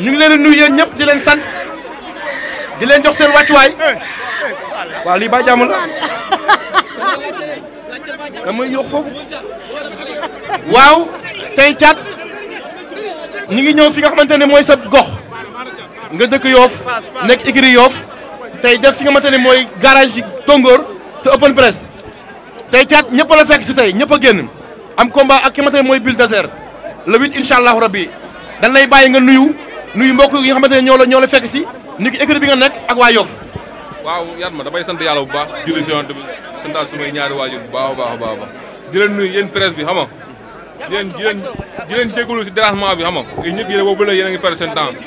ñu ngi leen di nuyu yéen ñëpp di leen sant di leen jox seen wàccuwaay waaw lii ba jàmm la damay yokk waaw tey caat ñu ngi ñëw fi nga xamante ne mooy sa gox nga dëkk yoof nekk écurie yoof tey def fi nga mante ni mooy garage yi Tongoor sa open press tey caat ñëpp la fekk si tey ñëpp génn am combat ak ki nga mooy Bulldozer le huit incha allahu rabbi dañ lay bàyyi nga nuyu. nuyu mbokk yi nga xamante ne ñoo la ñoo fekk si ni ki écurie bi nga nekk ak waa Yoff waaw yar ma damay sant yàlla bu baax julli si yonent bi santaat sumay ñaari waajur bu baax a baax a baax baax di leen nuyu bi xam nga di leen di leen di leen jégalu bi xam nga yéen ñëpp yéen boobu la yéen a ngi perdre seen temps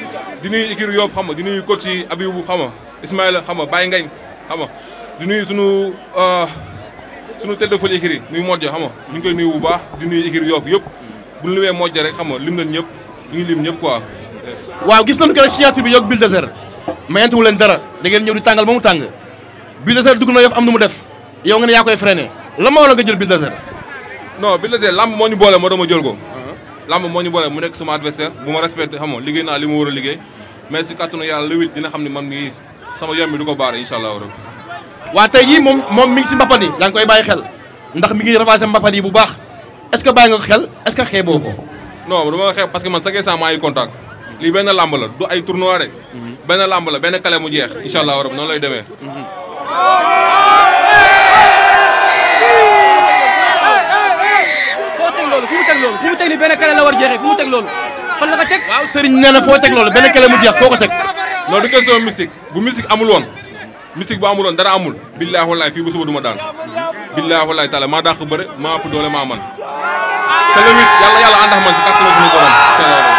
di nuyu écurie Yoff xam nga di nuyu coach yi Abibou xam nga Ismaïla xam nga Baye Ngagne xam nga di nuyu sunu euh, sunu tête de file écurie nuyu Modja ñu ngi koy bu baax di nuyu écurie Yoff yëpp bu ñu limee rek xam nga lim nañ ñëpp ñu ngi lim ñëpp waaw gis nañu ko rek bi yokk Bulldozer mayante wu leen dara da ngeen ñëw di tàngal ba mu tàng Bulldozer dugg na yof am nu mu def yow nga yaa koy freiné lan nga jël Bulldozer non Bulldozer lamb moo ñu boole moo dama jël ko lamb moo ñu boole mu nekk sama adversaire bu ma respecté xam nga liggéey naa li ma war a liggéey mais si kàttanu yàlla le huit dina xam ne man mii sama yom du ko baare incha allah waa tey jii moom moom mi ngi si mbapat yi yaa ngi koy bàyyi xel ndax mi ngi ravager mbapat yi bu baax est ce que li benn làmb la du ay tournoi de. benn làmb la benn kale mu jeex incha allah rabi noonu lay demee. foo teg loolu fu mu teg loolu fu mu teg nii benn kale la war jeexee fu mu teg loolu fan la ko teg. waaw Serigne nee na foo teg loolu benn kale mu jeex foo ko teg. non du question mystique bu mystique amul woon mystique bu amul woon dara amul. billaahi wallaahi fii ba suba du ma daan. billaahi wallaahi taala maa dàq bëre maa ëpp doole maa man te le yàlla yàlla àndax man si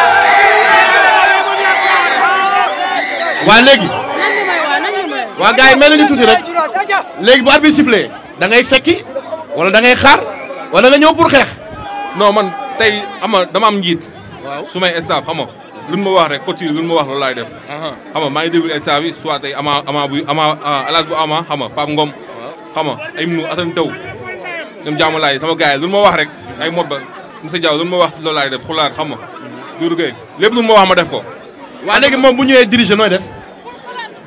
waa léegi. waa gars yi mel nañu tuuti rek léegi bu arbitre sifflé da ngay fekki wala da ngay xaar wala na ñëw pour xeex. non man tey ama dama am njiit. waaw su may staff xam lu luñ ma wax rek coach yi luñ ma wax loolu def. xam nga maa ngi déglu staff yi soit tey ama ama bu ama alaas ah, bu ama xam nga ngoom Ngom. xam nga ay munu Assane Taw ñoom jaamu laay sama gaa yi luñ ma wax rek ay mobba monsieur Diaw luñ ma wax loolu def xulaar xam nga. Mm-hmm. Doudou Gueye lépp luñ ma wax ma def ko. waaw léegi moom bu ñëwee diriger nooy def.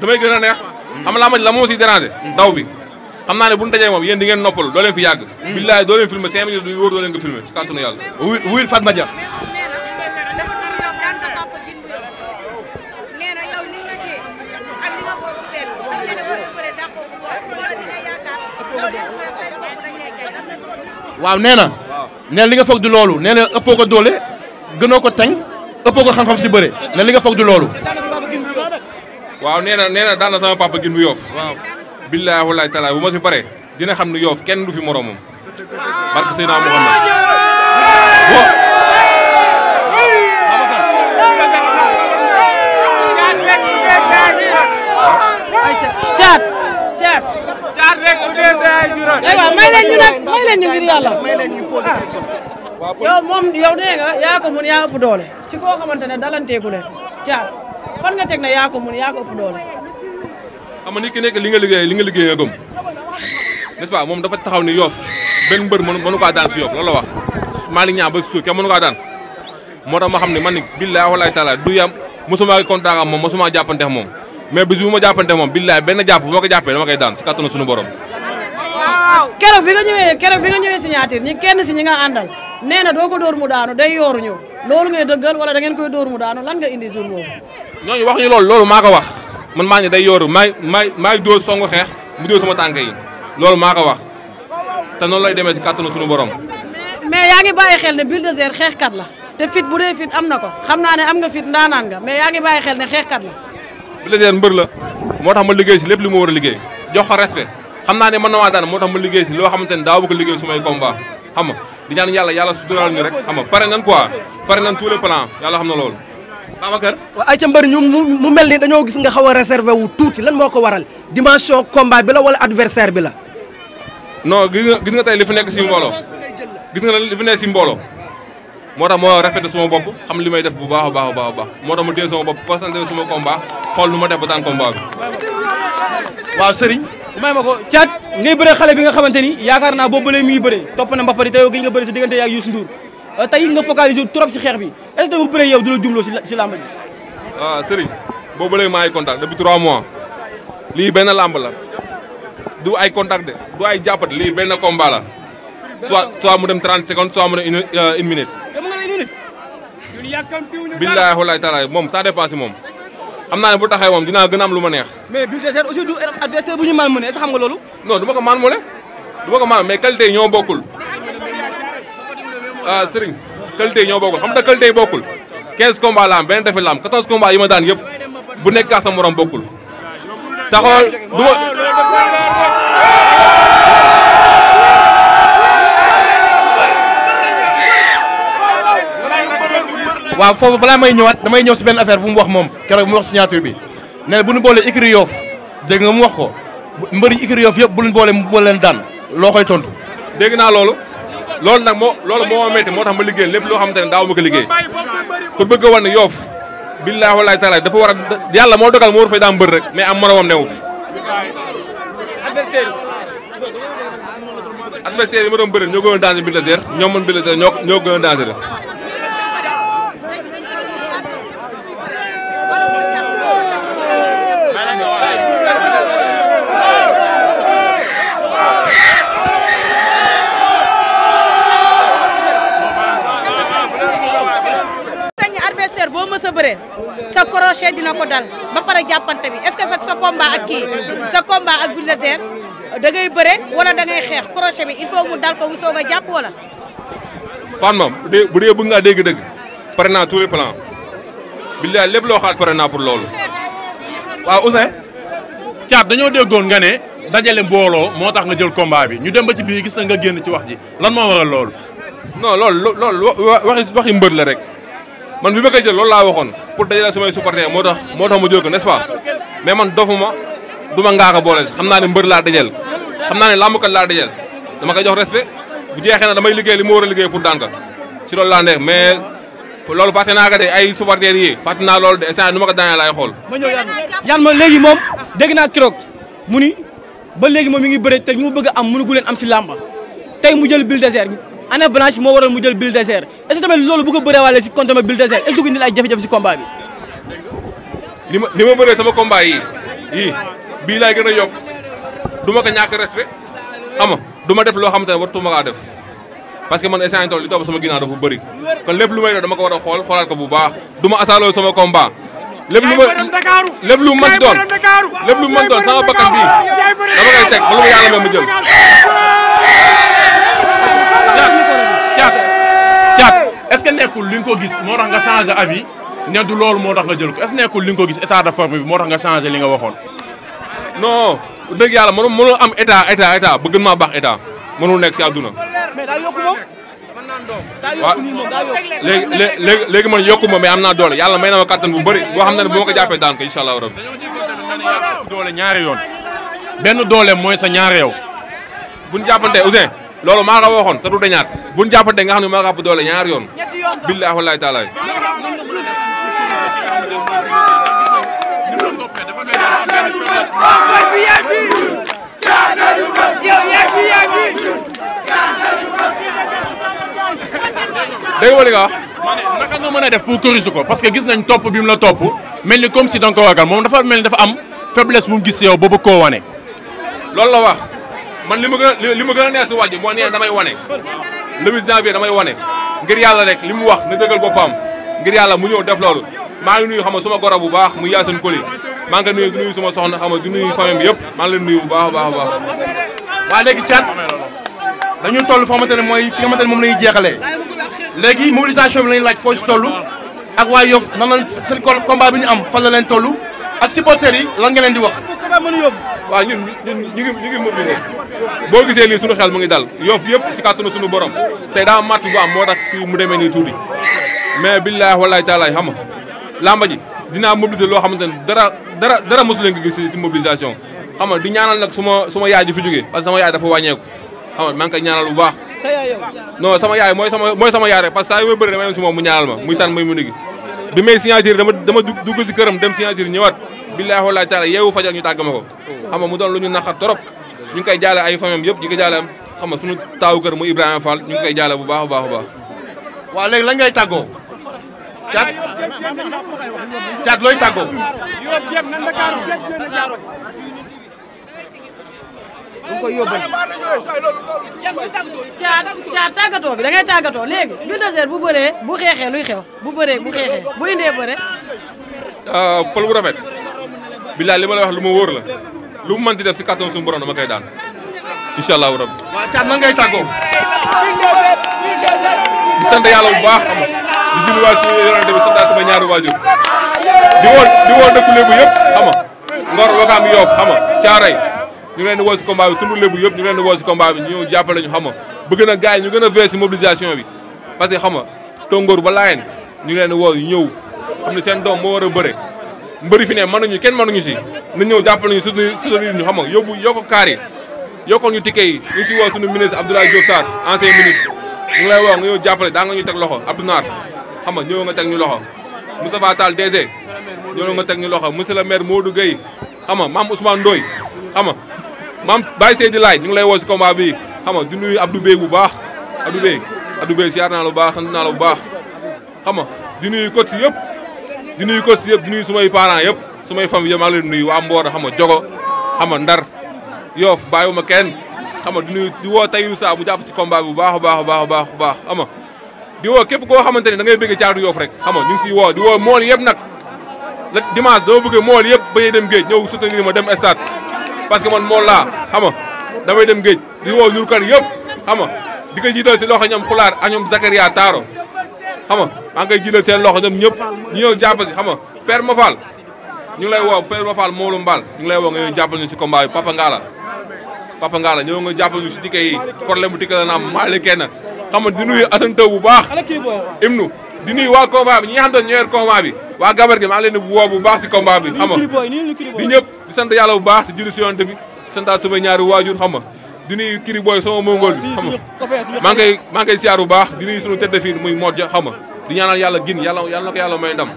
damay gën a neex xam laa ma la moo si déranger daw bi xam naa ne bu ñu dajee moom yéen di ngeen noppal doo leen fi yàgg hmm. billaahi doo leen filmé cinq minutes du wóor doo leen ko filmé si kàttanu yàlla wuyul waaw nee na nee li nga foog di loolu nee na ëppoo ko doole gënoo ko tañ ëppoo ko xam-xam si bëre ne li nga foog di loolu waaw nee na nee na daan na sama papa gin bu yoof waaw billaahi wallaahi taala bu dina xam ne yoof kenn du fi moromam barke Seydina eh, moom yow nee yaa ko mun yaa ëpp doole. ci koo xamante ne dalanteegu caat. fan nga teg na yaa ko mun yaa ko ëpp doole. xam nga nit ki nekk li nga liggéey li nga liggéey gëm moom dafa taxaw ni yoof benn bër mënu mënu kaa daan si yoof loolu la wax Malick Niang ba suuf kenn mënu kaa moo tax ma xam ne ma ni billaahi wallaahi taala du yam mosuma kontaan ak moom mosuma jàppante ak moom mais bis bu ma moom billaahi benn jàpp bu ma ko jàppee dama koy daan si kattanu suñu borom waaw keroog bi nga ñëwee keroog bi nga ñëwee signature ñi kenn si ñi nga àndal nee na doo ko dóor loolu ngay dëggal wala da ngeen koy dóor mu daanu lan nga indi jour boobu ñooñu wax ñu loolu loolu maa ko wax man maa ne day yooru maay maay maay dóor songu xeex mu dóor sama tànk yi loolu maa ko wax te noonu lay demee si kàttanu suñu borom. mais yaa ngi bàyyi xel ne Bulldozer xeexkat la te fit bu dee fit am na ko xam naa ne am nga fit ndaanaan nga mais yaa ngi bàyyi xel ne xeexkat la. Bulldozer mbër la moo tax ma liggéey si lépp li ma war a liggéey jox ko respect xam naa ne mën na maa daan moo tax ma liggéey si loo xamante ne daawu ko liggéey su may combat xam nga yàlla yàlla suturaal rek xam pare nañ quoi pare nañ tous les plans yàlla xam na loolu Babacar waaw ay ca ñu mu mel ni dañoo gis nga xaw a réservé wu tuuti lan moo ko waral dimension combat bi la wala adversaire bi la. non gis nga gis nga li fi nekk si mbooloo gis nga li fi nekk si mbooloo moo tax moo respecté suma bopp xam li may def bu baax a baax a baax moo tax mu téye sama bopp concentré suma combat xool nu ma def ba tànn combat waaw sëriñ may ma ko caat ngay bëree xale bi nga xamante ni yaakaar naa boobu ba léegi muy topp na mbappari tey yow gi euh, xeex bi. est-ce que mu bëree yow du la jumloo si si làmb ji. waaw ah, sëriñ boobu léegi maa ngi contact depuis trois lii benn làmb la du ay contact de du ay jàppate lii benn combat la soit mu dem 30 secondes soit mu dem une euh, une minute. dem nga une moom ça dépasse moom. xam naa bu taxee moom dinaa gën am lu ma neex. mais Bulldozer aussi aussi du adversaire bu ñu mën a mënee sax xam nga loolu. non du ma ko maan moole du ma ko maan mais qualité yi ñoo bokkul ah qualité yi ñoo xam nga qualité yi bokkul 15 combats la am benn défaite la am 14 combats yi ma daan yëpp bu nekk sa morom bokkul taxool du ma. waaw foofu balaa may ñëwaat damay ñëw si benn affaire bu mu wax moom keroog mu wax signature bi nee na bu nu boolee écurie Yoff dégg nga mu wax ko mbëri écurie Yoff yëpp bu ñu boolee mu boole leen daan loo koy tontu. dégg naa loolu. loolu nag moo loolu moo ma metti moo tax ma liggéey lépp loo xamante ne daa ma ko liggéey pour bëgg a wan ne yoof billaahi wallaahi dafa war a yàlla moo dogal moo war fay daa mbër rek mais am moromam newu fi adversaire yi ma doon bëri ñoo gën a danger Bulldozer ñoo mën Bulldozer ñoo ñoo gën a danger bëree sa crochet dina ko dal ba pare jàppante bi est sa sa ak kii sa combat ak Bulldozer da ngay bëre wala da xeex crochet bi il faut mu dal ko mu a jàpp wala. Fane moom bu dee bu dee bëgg dégg-dëgg pare naa tous les plans billaay lépp loo xaat pare naa pour loolu. waaw Ousseyn. Thiat dañoo déggoon nga ne dajale mbooloo moo tax nga jël combat bi ñu dem ba ci biir gis na nga génn ci wax ji lan moo waral loolu. non loolu loolu waxi mbër la rek. man bi ma koy jël loolu laa waxoon pour dajale samay supporter moo tax moo tax ma jël ko mais man dofuma du ma ngaaka boole xam naa ne mbër laa dajal xam naa ne làmbkat laa dajal dama koy jox respect bu jeexee na damay liggéey li ma war a liggéey pour daan ko ci loolu laa neex mais loolu fàtte naa ko ay supporter yi fàtte naa loolu de instant nu ma ko daanee laay xool. ma ñëw yan yan ma léegi moom dégg naa keroog mu ni ba léegi moom mi ngi bëre te ñu bëgg a am mënu gu leen am si làmba tey mu jël Bulldozer année blanche moo waral mu jël Bulldozer est-ce que tamit loolu bu ko bëree waale si contre ma Bulldozer est-ce que du ay jafe-jafe si combat bi. ni ma ni ma bëree sama combat yi yii bii laay gën a yokk du ma ka ñàkk respect ama du ma def loo xam xamante ne wartu ma kaa def parce que man instant yii tool li topp sama ginaar dafa bëri kon lépp lu may def dama ko war a xool xoolaat ko bu baax du ma asaaloo sama combat. lépp lu ma lépp lu mën doon lépp lu doon sama bakkan bii dama koy caat est-ce nekkul li nga ko gis moo tax nga changé avis ne du loolu moo tax nga jël ko est nekkul li nga ko gis état de forme bi moo tax nga changé li nga waxoon. non dëgg yàlla mënoo mënoo am état état état bëgg maa baax état mënul nekk si àdduna. mais daa yokku moom. waaw léegi léegi léegi man yokku am naa doole yàlla may na ma kàttan bu bëri boo xam ne boo ma ko jàppee daan ko incha allah doole ñaari yoon. benn doole mooy sa ñaari yow. bu ñu jàppante Ousseyn loolu maa ko waxoon te du dañaat bu ñu jàppante nga xam ne maa ko ëpp doole ñaar yoon. billaahi wallaahi taalaay. dégg nga li nga wax. ma ne naka nga mën a def pour corriger ko parce que gis nañ topp bi mu la topp mel ni comme si da nga ko wagal moom dafa mel ni dafa am faiblesse bu mu gis yow ba bëgg koo wane. loolu la wax. man li ma gën a li ma gën a neex si waaj moo nee damay wane le 8 janvier damay wane ngir yàlla rek li mu wax na dëggal boppam ngir yàlla mu ñëw def loolu maa ngi nuyu xam nga suma goro bu baax mu Yacine Koli maa ngi ko nuyu di nuyu suma soxna xam nga nuyu famille bi yëpp maa ngi leen nuyu bu baax a baax baax waa léegi Thiat dañu toll foo te ne mooy fi nga xamante ne moom la ñuy jeexalee léegi mobilisation bi la ñuy laaj foo si toll ak waa Yoff nan lañ seen combat bi ñu am fan la leen toll ak supporters yi lan nga leen di wax waaw ñun ñun boo gisee lii suñu xel mu ngi dal yoof yëpp si kàttanu suñu borom tey daa match bu am moo tax mu demee nii tuuti mais billaahi wallaahi taalaay xam nga làmba ji dinaa mobiliser loo xamante ne dara dara dara mosu leen ko gis si mobilisation xam nga di ñaanal nag suma suma yaay ji fi jógee parce que sama yaay dafa wàññeeku xam nga maa ngi koy baax non sama yaay mooy sama mooy sama yaay rek parce que saa may si moom mu ñaanal ma muy tànn muy mu nigi bi may signature dama dama dugg si këram dem signature ñëwaat billaahi wallaahi taala yeewu fajar ñu tàgg ma ko xam mu doon lu ñu naqar trop ñu ngi koy jaale ay famam yëpp ñu ngi jaale xam nga suñu taawu kër mu Ibrahima ñu ngi koy jaale bu baax a baax a baax waaw léegi lan ngay tàggoo caat caat looy tàggoo bu koy tàggatoo bi da ngay tàggatoo léegi Bulldozer bu bëree bu xeexee luy xew bu bëree bu xeexee bu indee bëre euh, pël bu rafet billaay li ma lay wax lu ma wóor la lu mu mënti def si kàttan suñu borom dama koy daan incha allahu rabbi. waaw Thiat nan ngay tàggoo. di sant yàlla bu baax xam di julliwaat suñu yorante bi sant sama ñaari waajur di woo di woo dëkku lébu yëpp xam nga Ngor Wakaam Yoof xam Caaray ñu leen di woo si combat bi tundu lébu ñu leen di woo si combat bi ñu jàppale ñu xam bëgg na gars yi ñu gën a veillé si mobilisation bi parce que xam tongoor ba ñu leen di woo seen doom moo war a mbëri fi ne mënuñu kenn mënuñu si na ñëw jàppale ñu suñu soutenir ñu xam nga yóbbu yokk kaar yi yokkal ñu ticket yi si woo suñu ministre Abdoulaye Diop Sarr ancien ministre ñu ngi lay woo nga ñëw jàppale daa nga ñu teg loxo Abdou Naar xam nga ñëw nga teg ñu loxo Moustapha Tall DG ñëw nga teg ñu loxo monsieur le maire Modou Gueye xam mam maam Ousmane Ndoye xam nga maam Baye Seydi Laye ñu ngi lay woo si combat bi xam nga di nuyu Abdou Bey bu baax Abdou Bey Abdou Bey siyaar naa la bu baax sant naa la bu baax xam nga di nuyu coach yëpp di nuyu coach yëpp di nuyu sumay parents yëpp sumay famille yëpp maa ngi leen nuyu waa Mbour xam nga Jogo xam nga Ndar Yoff bàyyiwuma kenn xama nga di di woo Tahirou Sarr bu jàpp si combat bi bu baax a baax a baax a baax xam di woo képp koo xamante ne da ngay bëgg caatu yoof rek xam nga ñu siy woo di woo mool yëpp nag la dimanche dama bëgg mool yëpp bañuy dem géej ñëw soutenir ma dem stade parce que man mool laa xam nga damay dem géej di woo ñurkat yëpp xam di ko jiital si loxo ñoom xulaar ak ñoom Taaro xam nga maa ngi koy seen loxo ñoom ñëpp ñu ñëw jàpp si xam Mafal ñu ngi lay woo Père Mafal Mawlu Mbal ñu ngi lay woo nga ñëw jàppal ñu si combat bi Papa Ngala Papa Ngala ñëw nga jàppal ñu si ticket yi problème bu ticket la na am maali kenn di nuyu Assane Taw bu baax imnu di nuyu waa combat bi ñi nga xam ne ñooy combat bi waa gabar gi maa ngi leen di woo bu baax si combat bi xam di ñëpp di sant yàlla bu baax di julli si yonent bi santaat sama ñaari waajur xam nga di nuyu kiri booy sama mongol bi xam maa ngi koy maa siyaar bu baax di nuyu suñu tëdd fii muy Modja xam nga di ñaanal yàlla gin yàlla yàlla na ko yàlla may ndam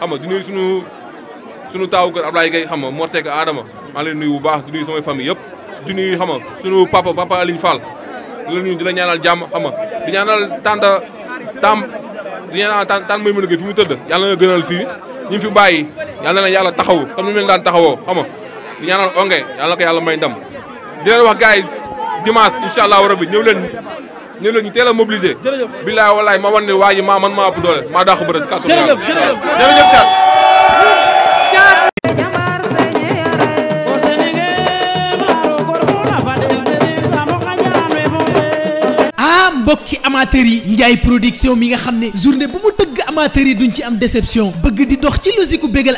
xam nga di suñu suñu taawu kër Ablaye Gueye xam nga Mor Seck Adama maa ngi bu baax di nuyu samay famille yëpp di nuyu xam nga suñu papa papa Aligne fal la ñu di la ñaanal jàmm xam nga di ñaanal tanta tam di tan tan muy mën a fi mu tëdd yàlla na gënal fii ñu fi bàyyi yàlla na yàlla taxaw comme ni mu leen daan taxawoo xam nga di ñaanal onge yàlla na ko yàlla may ndam di leen wax gars yi dimanche incha allahu rabi ñëw leen ñëw leen ñu teel a mobiliser. jërëjëf bilaay walaay ma wan ne waa maa man maa ëpp doole maa dàq bëre si kàttan. jërëjëf jërëjëf jërëjëf amateur yi Ndiaye production mi nga xam ne journée bu mu tëgg amateur duñ ci am déception bëgg di dox ci logique ku bégal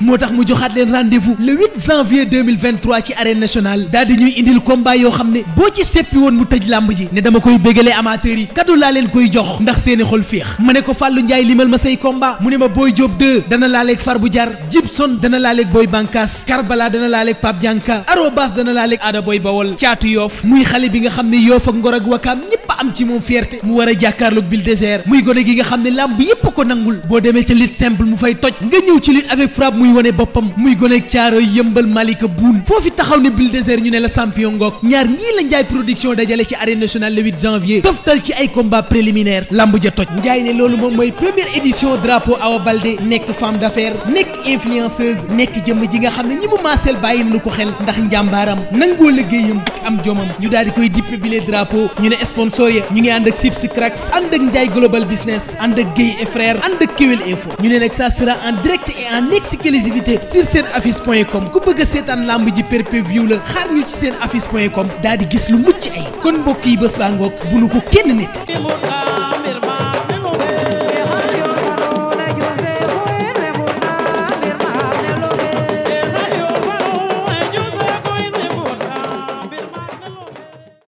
moo tax mu joxaat leen rendez-vous le 8 janvier 2023 ci arène nationale daal di ñuy indil combat yoo xam ne boo ci seppi woon mu tëj làmb ji ne dama koy bégalee amateur yi kaddu laa leen koy jox ndax seeni xol féex ma ne ko Fallou Ndiaye limal ma say combat mu ne ma Boy Diop 2 dana laaleeg bu Diar Jibson dana laaleeg Boy Bankas Karbala dana laaleeg Pape Dianka Arobas dana laaleeg Ada Boy Bawol caatu Yoff muy xale bi nga xam ne Yoff ak Ngor ak Wakam am ci moom fierté mu war a jàkkaarloog Bill Désert muy gone gi nga xam ne làmb yépp ko nangul boo demee ca lutte simple mu fay toj nga ñëw ci lutte avec frappe muy wane boppam muy gone caaro yëmbal Malika Buun foofi taxaw ne Bill Désert ñu ne la champion ngoog ñaar ñii la Njaay production dajale ci arène nationale le janvier toftal ci ay combat préliminaire làmb ja toj Njaay ne loolu moom mooy première édition drapeau Awa Baldé nekk femme d'affaires nekk yooya ñu ngi ànd ak Sips ànd ak Ndiaye Global Business ànd ak Guèye et ànd ak Kewel Info ñu ne nag ça sera en direct et en exclusivité sur seen affiche point com ku bëgg a seetaan lamb ji pay-per-view la xaar ñu ci seen affiche point com daal di gis lu mucc ay kon mbokk yi bés baa ngoog bu nu ko kenn nit